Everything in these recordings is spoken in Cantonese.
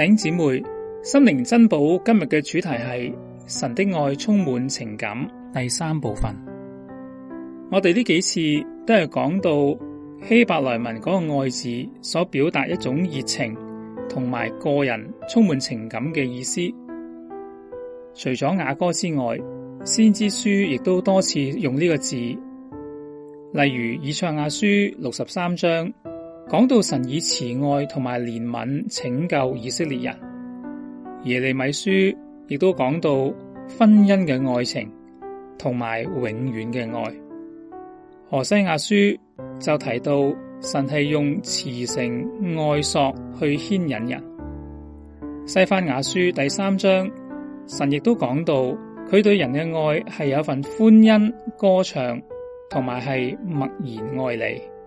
弟兄姐妹，心靈珍寶，今日嘅主題係神的愛充滿情感第三部分。我哋呢幾次都係講到希伯來文嗰個愛字，所表達一種熱情同埋個人充滿情感嘅意思。除咗雅歌之外，先知書亦都多次用呢個字，例如以賽亞書六十三章。講到神以慈愛同埋憐憫拯救以色列人，耶利米書亦都講到婚姻嘅愛情同埋永遠嘅愛。何西阿書就提到神係用慈繩愛索去牽引人。西番雅書第三章，神亦都講到佢對人嘅愛係有一份歡欣歌唱，同埋係默然愛你。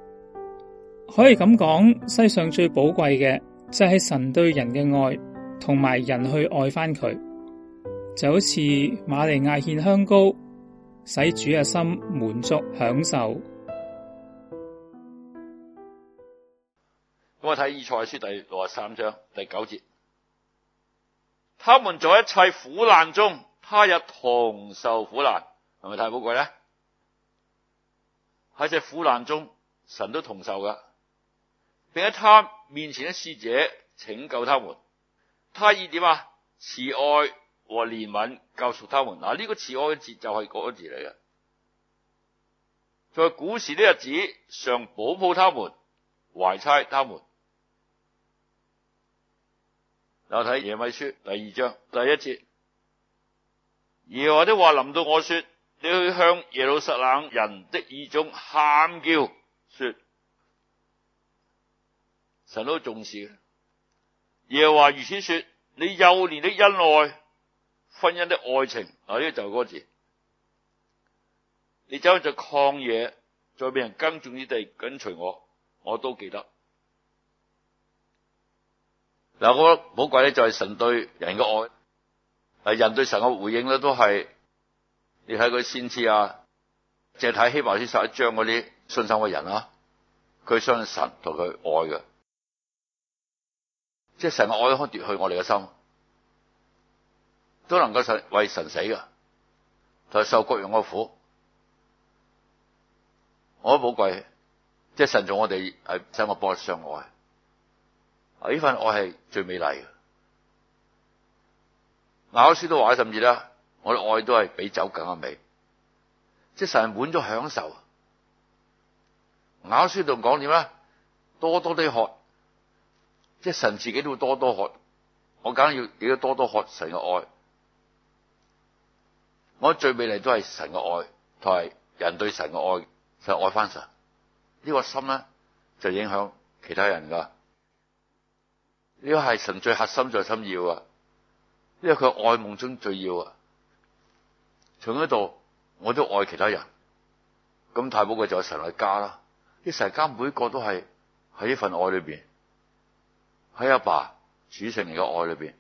可以咁講，世上最寶貴嘅即係神對人嘅愛，同埋人去愛返佢，就好似瑪利亞獻香膏，使主嘅心滿足享受。咁我睇以賽書第六十三章第九節，他們在一切苦難中，他也同受苦難，係咪太寶貴呢？喺只苦難中，神都同受噶。並喺他面前嘅使者拯救他們，他以點啊慈愛和憐憫救贖他們。嗱呢、這個慈愛字就係嗰個字嚟嘅。在古時的日子常保抱他們，懷搋他們。嗱睇耶米書第二章第一節，耶和華的話臨到我說，你去向耶路撒冷人的耳中喊叫說。神都好重視嘅，耶和華如此說：你幼年的恩愛，婚姻的愛情，嗱呢就係嗰個字。你走去在曠野，再俾人耕種之地跟隨我，我都記得。嗱、嗯，我唔好怪咧，就係神對人嘅愛，係人對神嘅回應咧，都係。你睇佢先知啊，淨係睇希伯來書十一章嗰啲信心嘅人啊，佢相信神同佢愛嘅。即係神嘅愛可奪去我哋嘅心，都能夠神為神死就同受各樣嘅苦，我都寶貴。即係神重我哋係使我博上愛，啊呢份愛係最美麗嘅。咬書都話甚至啦，我哋愛都係比酒更加美。即係神滿咗享受，咬書仲講點啊？多多啲喝。即係神自己都會多多學，我梗要要多多學神嘅愛。我最美麗都係神嘅愛同埋人對神嘅愛，就愛翻神呢、這個心咧，就影響其他人噶。呢個係神最核心、最心要啊！因為佢愛夢中最要啊！從呢度我都愛其他人，咁太寶貴就係神嘅家啦。啲神嘅家每一個都係喺呢份愛裏邊。喺阿爸主聖靈嘅愛裏邊，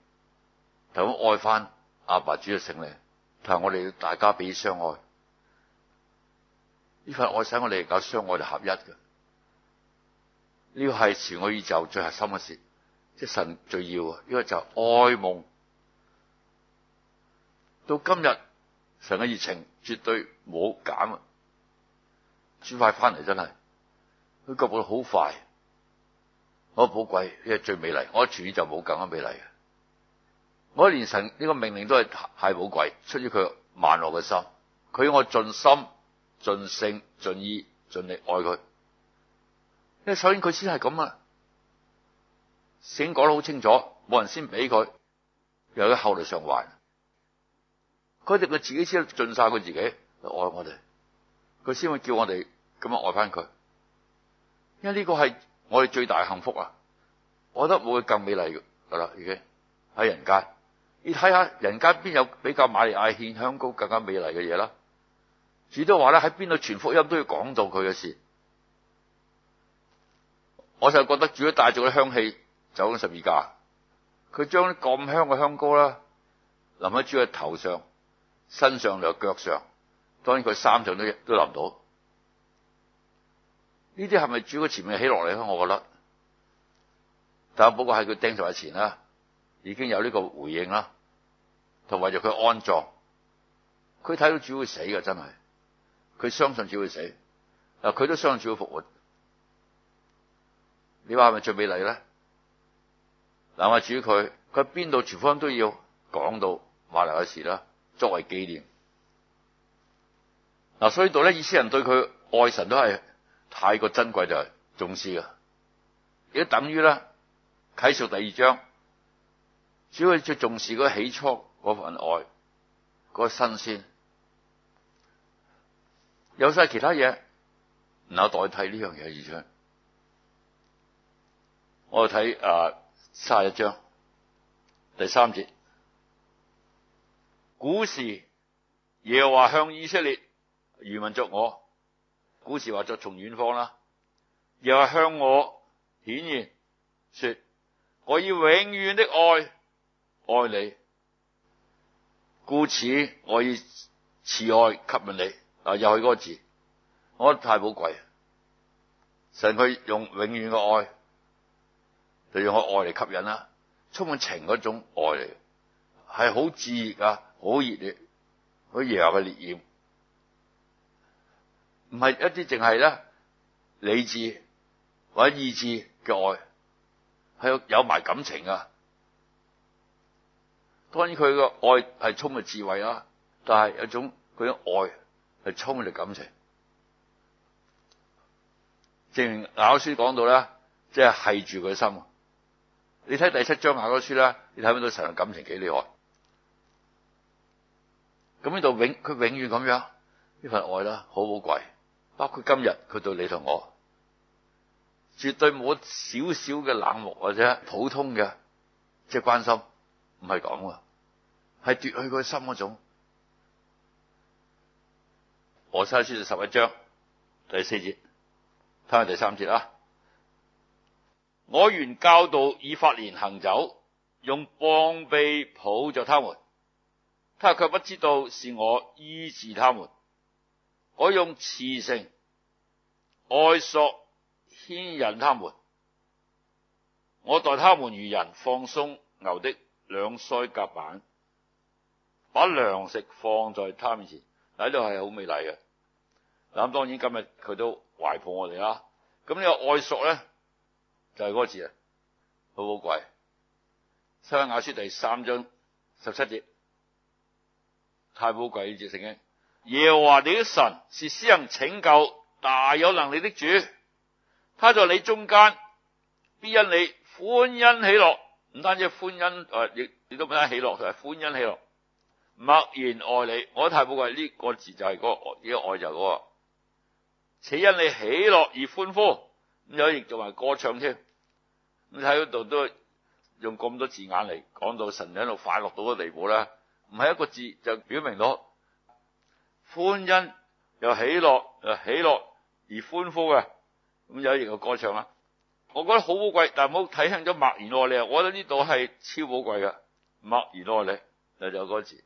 頭先愛翻阿爸主嘅聖靈，但係我哋要大家彼此相愛，呢份愛使我哋能夠相愛就合一嘅。呢個係全個宇宙最核心嘅事，即係神最要。啊。呢個就愛夢，到今日神嘅熱情絕對冇減啊！轉快翻嚟真係，佢腳步好快。我寶貴，呢個最美麗。我一轉就冇咁樣美麗嘅。我連成呢、這個命令都係太寶貴，出於佢萬惡嘅心，佢要我盡心、盡性、盡意、盡力愛佢。因為首先佢先係咁啊，先講得好清楚，冇人先俾佢，又喺佢後嚟上還。佢哋佢自己先盡晒佢自己，愛我哋，佢先會叫我哋咁樣愛翻佢。因為呢個係。我哋最大幸福啊！我覺得冇會更美麗嘅，係啦，已經喺人間。你睇下人間邊有比較瑪利亞獻香膏更加美麗嘅嘢啦？主都話咧，喺邊度傳福音都要講到佢嘅事。我就覺得主喺帶咗啲香氣，走咗十字架。佢將啲咁香嘅香膏啦，淋喺主嘅頭上、身上又腳上。當然佢衫上都都淋到。呢啲係咪主嘅前面起落嚟咧？我覺得，但不過喺佢釘十架前啦，已經有呢個回應啦，同埋就佢安葬，佢睇到主會死嘅，真係，佢相信主會死，嗱佢都相信主會復活，你話係咪最美麗咧？嗱，我主佢，佢邊度全方都要講到馬利亞事啦，作為紀念。嗱，所以度咧，以色列人對佢愛神都係。太過珍貴就係重視啊，如果等於啦，啟示第二章，主要最重視個起初份愛，嗰新鮮，有晒其他嘢，然後代替呢樣嘢而上。我睇啊，卅、呃、一章第三節，古時耶和華向以色列餘民囑我。古時或作從遠方啦，又係向我顯現，說我要永遠的愛愛你，故此我要慈愛吸引你。嗱，又係嗰個字，我覺得太寶貴。神佢用永遠嘅愛，就用個愛嚟吸引啦，充滿情嗰種愛嚟，係好熾熱啊，好熱烈，好似太陽嘅烈焰。唔係一啲淨係咧理智或者意志嘅愛，係有埋感情啊！當然佢個愛係充滿智慧啦，但係有種嗰種愛係充滿感情。正如咬書講到啦，即係係住佢心。你睇第七章下咬書啦，你睇翻到神嘅感情幾厲害。咁呢度永佢永遠咁樣呢份愛啦，好好貴。包括今日佢對你同我，絕對冇少少嘅冷漠或者普通嘅，即係關心，唔係講，係奪去佢心嗰種。《何西阿書》第十一章第四節，睇下第三節啊！我原教導以法蓮行走，用膀臂抱着他們，他卻不知道是我醫治他們。我用慈繩愛索牽引他們，我待他們如人，放鬆牛的兩腮夾板，把糧食放在他面前，喺度係好美麗嘅。咁當然今日佢都懷抱我哋啦。咁呢個愛索咧就係、是、嗰個字啊，好寶貴。西番雅書第三章十七節，太寶貴呢節聖經。耶華你啲神是施行拯救、大有能力的主，他在你中間，必因你歡欣喜樂，唔單止歡欣，誒，你你都唔單喜樂，同埋歡欣喜樂，默然愛你。我太寶貴呢個字就係嗰、那個嘢、這個、愛就、那個，且因你喜樂而歡呼，咁有亦做埋歌唱添。咁喺嗰度都用咁多字眼嚟講到神喺度快樂到個地步咧，唔係一個字就表明到。歡欣又喜樂，誒喜樂而歡呼嘅，咁有型嘅歌唱場啦。我覺得好寶貴，但係唔好睇輕咗默然愛你啊！我覺得呢度係超寶貴嘅，默然愛你，就就嗰字。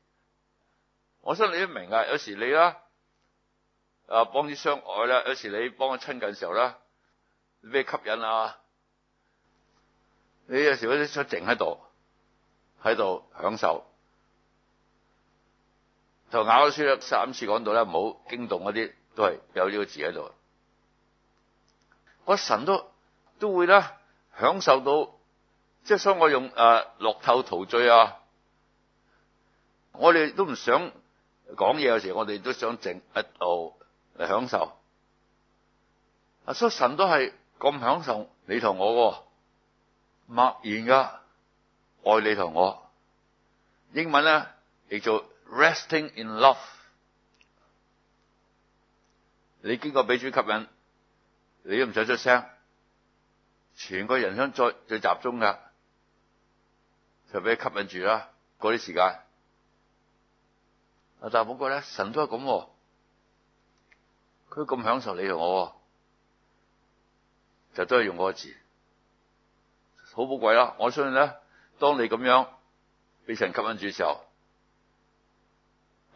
我相信你都明噶，有時你啦，誒幫啲相愛啦，有時你幫佢親近嘅時候啦，你有咩吸引啊？你有時嗰啲想靜喺度，喺度享受。就咬咗書啦，三次講到咧，唔好驚動嗰啲，都係有呢個字喺度。我神都都會啦，享受到，即係所以我用誒樂、呃、透陶醉啊。我哋都唔想講嘢嘅時候，我哋都想靜一度嚟享受。啊，所以神都係咁享受你同我，默然噶，愛你同我。英文咧，叫做 Resting in love，你經過俾主吸引，你都唔使出聲，全個人心再最集中噶，就俾吸引住啦。嗰啲時間，阿大寶哥咧，神都係咁，啊，佢咁享受你同我，啊，就都係用嗰個字，好寶貴啦。我相信咧，當你咁樣俾神吸引住嘅時候。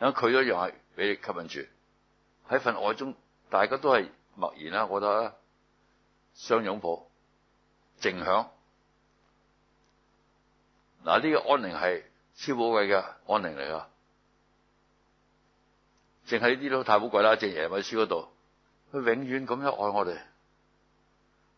咁佢一樣係俾你吸引住，喺份愛中，大家都係默然啦，我覺得相擁抱，靜響。嗱，呢個安寧係超寶貴嘅安寧嚟噶，淨係呢啲都太寶貴啦，淨係耶穌嗰度，佢永遠咁樣愛我哋。